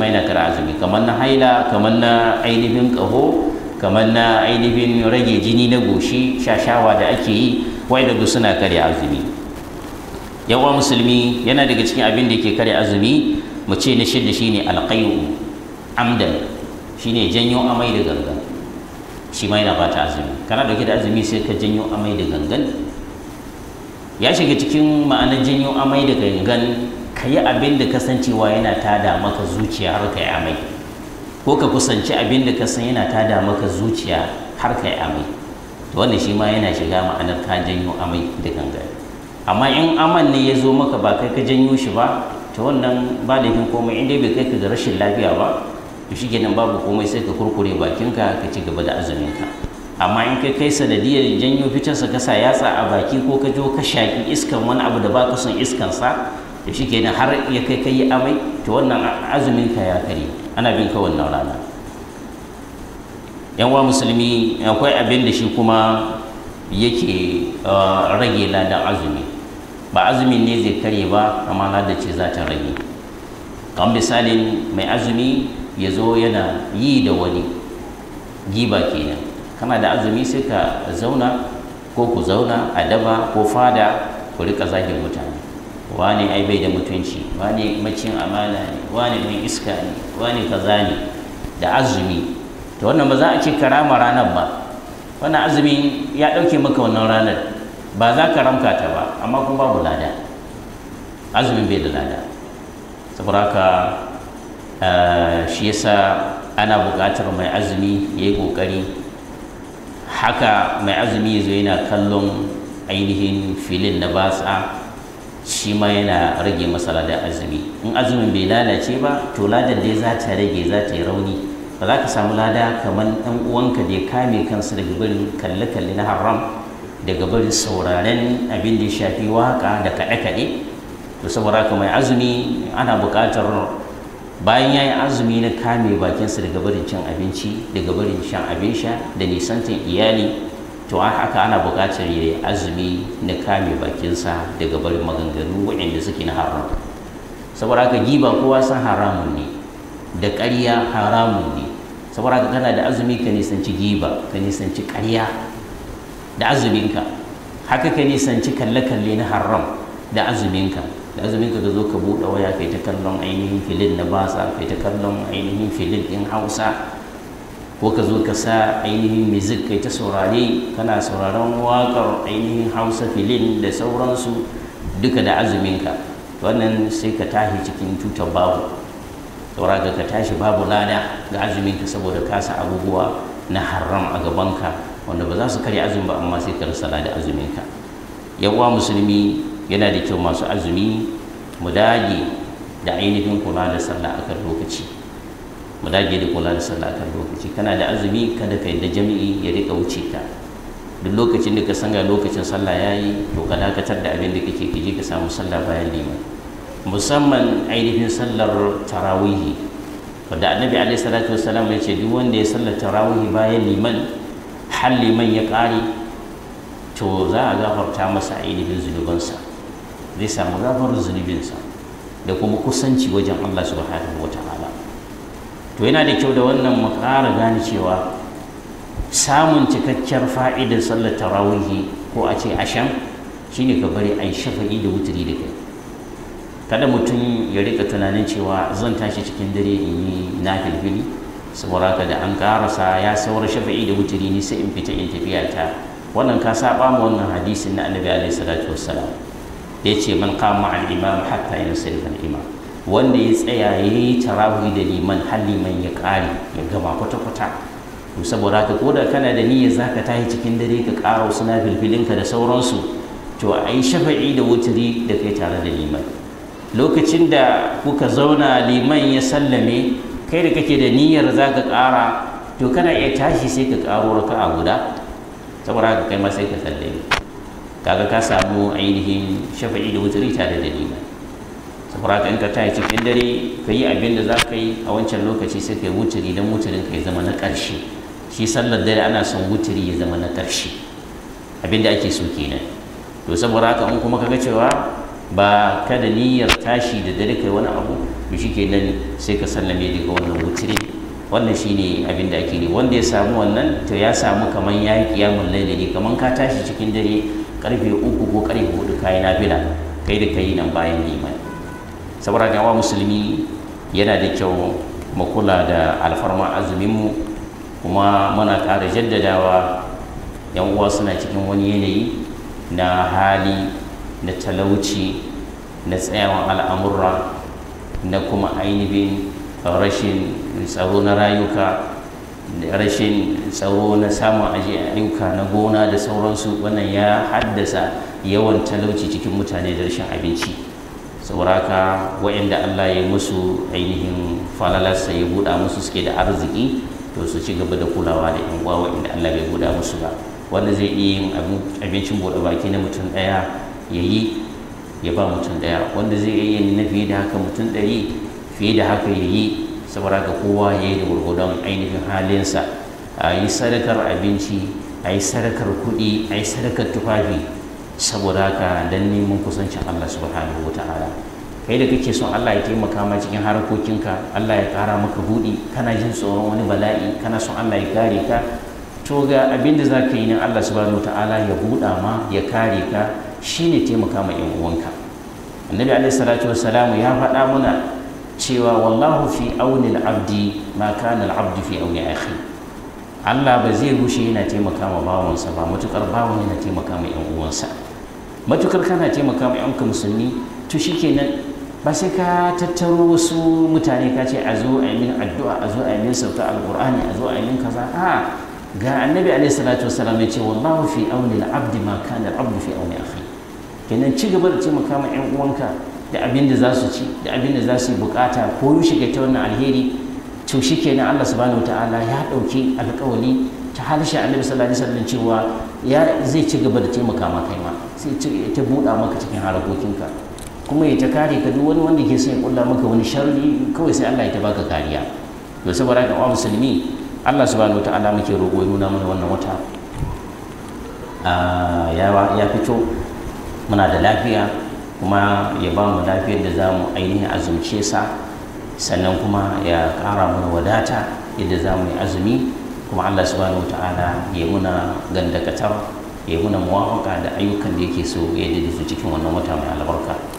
mai na kara azumi kamar na haila kamar na ainihin ƙaho kamar na ainihin rage jini na goshi shashawa da ake yi wai da suna karya azumi yawa musulmi yana daga cikin abin da ke karya azumi mu ce na shidda shine alƙayu amdan shine janyo amai da gangan shi ma yana bata azumi kana dauke da azumi sai ka janyo amai da gangan ya shiga cikin ma'anar janyo amai da gangan ka yi abin da kasancewa yana tada maka zuciya har ka yi amai ko ka kusanci abin da kasan yana tada maka zuciya har ka yi amai to wannan shi ma yana shiga ma'anar ka janyo amai da gangan amma in aman ne ya zo maka ba kai ka janyo shi ba to wannan ba da yin komai inda bai kai ka ga rashin lafiya ba to shi kenan babu komai sai ka kurkure bakinka ka ci gaba da azuminka amma in ka kai sanadiyar janyo fitarsa ka sa yatsa a baki ko ka jo ka shaƙi iskan wani abu da ba ka son iskansa da shi kenan har ya kai kai amai to wannan azumin ka ya kare ana bin ka wannan rana yan wa musulmi akwai abin da shi kuma yake uh, rage ladan azumi ba azumin ne zai kare ba amma ladan ce za ta rage kan misalin mai azumi ya zo yana yi da wani giba kenan kana da azumi sai ka zauna ko ku zauna a daba ko fada ku rika zagin mutane wani ai bai da mutunci wani macin amana ne wani mai iska ne wani kaza ne da azumi to wannan ba za a ce karama ranar ba wannan azumi ya ɗauke maka wannan ranar ba za ka ramka ta ba amma kuma babu lada azumin bai da lada saboda haka eh, shi yasa ana buƙatar mai azumi ya yi ƙoƙari haka mai azumi ya zo yana kallon ainihin filin na batsa shi ma yana rage masa da azumi in azumin bai lalace ba to ladan dai za ta rage za ta yi rauni ba za ka samu lada kamar ɗan uwanka da ya kame kansa daga barin kalle-kalle na haram daga barin sauraren abin da ya shafi waka da kaɗe-kaɗe to saboda haka mai azumi ana buƙatar bayan ya yi azumi na kame bakinsa daga barin cin abinci daga barin shan abin sha da nisantan iyali to haka ana buƙatar ya yi azumi na kame bakinsa daga barin maganganu waɗanda suke na haram saboda haka giba kowa san haramun ne da ƙarya haramun ne saboda haka kana da azumi ka nisanci giba ka nisanci ƙarya da azuminka haka ka nisanci kalle-kalle na haram da azuminka da azuminka ka zo ka buɗe waya kai ta kallon ainihin filin na basa kai ta kallon ainihin filin ɗin hausa ko ka zo ka sa ainihin music kai ta saurare kana sauraron waƙar ainihin hausa filin da sauransu duka da azuminka wannan sai ka tashi cikin tutar babu sauraga ka tashi babu lada ga azuminka saboda kasa abubuwa na haram a gabanka wanda ba za su karya azumi ba amma sai ka rasa lada azuminka yawa musulmi yana da kyau masu azumi mu dage da ainihin kula da sallah akan lokaci mu dage da kula da sallah akan lokaci kana da azumi kada ka yadda jami'i ya rika wuce ka duk lokacin da ka san ga lokacin sallah yayi to ka dakatar da abin da kake kiji ka samu sallah bayan liman musamman ainihin sallar tarawihi wadda annabi alaihi salatu wassalam ya ce duk wanda ya sallar tarawihi bayan liman har liman ya kare to za a gafarta masa ainihin zunubansa zai samu gafar zunubinsa da kuma kusanci wajen Allah subhanahu wa ta'ala to yana da kyau da wannan mu ƙara gane cewa samun cikakkiyar fa'idar sallar tarawihi ko a ce ashan shine ka bari ai shafa'i da wuturi da kai kada mutum ya rika tunanin cewa zan tashi cikin dare in yi na filfili saboda haka da an karasa ya saura shafa'i da wuturi ni sai in fita in tafiya ta wannan ka saba mu wannan hadisin na annabi alaihi salatu wassalam da ya ce man kama al-imam hatta yansilfa al-imam wanda ya tsaya ya yi tarawi da liman har liman ya kare ya gama kwata-kwata saboda ka koda kana da niyyar za ka tashi cikin dare ka ƙara wasu na filfilinka da sauransu to a yi shafa'i da wuturi da kai tare da liman lokacin da kuka zauna liman ya sallame kai da kake da niyyar za ka ƙara to kana iya tashi sai ka ƙaro a guda saboda haka kai ma sai ka sallame kaga ka samu ainihin shafa'i da wuturi tare da liman saboda in ka tashi cikin dare ka yi abin da za ka yi a wancan lokaci sai ka yi wuturi don wuturin ka ya zama na ƙarshe shi sallar dare ana son wuturi ya zama na ƙarshe abin da ake so kenan to saboda haka in kuma ka ga cewa ba ka da niyyar tashi da dare kai wani abu to nan sai ka sallame daga wannan wuturi wannan shi ne abin da ake ne wanda ya samu wannan to ya samu kamar ya yi kiyamun laili kamar ka tashi cikin dare karfe uku ko karfe hudu yi nafila kai da kai nan bayan liman saboda gawa musulmi yana da kyau mu kula da alfarma azuminmu kuma muna ƙara jaddadawa yan uwa suna cikin wani yanayi na hali na talauci na tsayawan al'amurra na kuma ainihin rashin tsaro na rayuka rashin tsaro na samun aji ayyuka na gona da sauransu wannan ya haddasa yawan talauci cikin mutane da rashin abinci sauraka wa'inda Allah ya yi musu ainihin falalarsa ya buɗa musu suke da arziki to su ci gaba da kulawa da yan uwa wa'inda Allah bai buɗa musu ba wanda zai iya yin abincin buɗe baki na mutum ɗaya ya yi ya ba mutum ɗaya wanda zai iya yin na fiye da haka mutum ɗari fiye da haka ya yi saboda haka kowa ya yi da gurgudan ainihin halinsa a yi sadakar abinci a yi sadakar kuɗi a yi sadakar tufafi saboda ka dan neman kusancin Allah subhanahu ta'ala kai da kake son Allah ya taimaka ma cikin harkokinka Allah ya kara maka buɗi kana jin tsoron wani bala'i kana son Allah ya kare ka to ga abin da zaka yi ne Allah subhanahu ta'ala ya buɗa ma ya kare ka shine taimaka ma yan uwanka annabi alaihi salatu wassalamu ya faɗa mana cewa wallahu fi al abdi ma kana al-abdu fi auni akhi Allah ba zai rushe yana taimaka ma bawansa ba matukar bawan yana taimaka ma yan uwansa matukar kana taimaka ma yanka musulmi to shikenan ba sai ka tattaro wasu mutane ka ce a zo a yi addu'a a zo a yi min sauka alqur'ani a zo a yi min kaza a ga annabi alaihi salatu wasallam ya ce wallahu fi auni al-abd ma kana al fi auni akhi kenan ci gaba da taimaka ma yan uwanka da abin da za su ci da abin da za su yi bukata ko yi shiga ta wannan alheri to shikenan Allah ya dauki alƙawari ta harshe annabi sallallahu alaihi wasallam cewa ya zai ci gaba da taimaka kai ma sai ce ta buɗa maka cikin harakokinka kuma ya ta kare ka duk wani wanda ke son ya ƙulla maka wani sharri kawai sai Allah ya ta baka kariya to saboda haka musulmi Allah subhanahu ta'ala muke roƙo ya nuna mana wannan wata ah, ya fito muna da lafiya kuma ya ba mu lafiyar da za mu ainihin azumce sa sannan kuma ya kara mana wadata yadda za mu yi azumi kuma allah subhanahu wa ta'ala ya muna gandakatar ya muna muwafaka da ayyukan da yake so ya da su cikin wannan wata mai albarka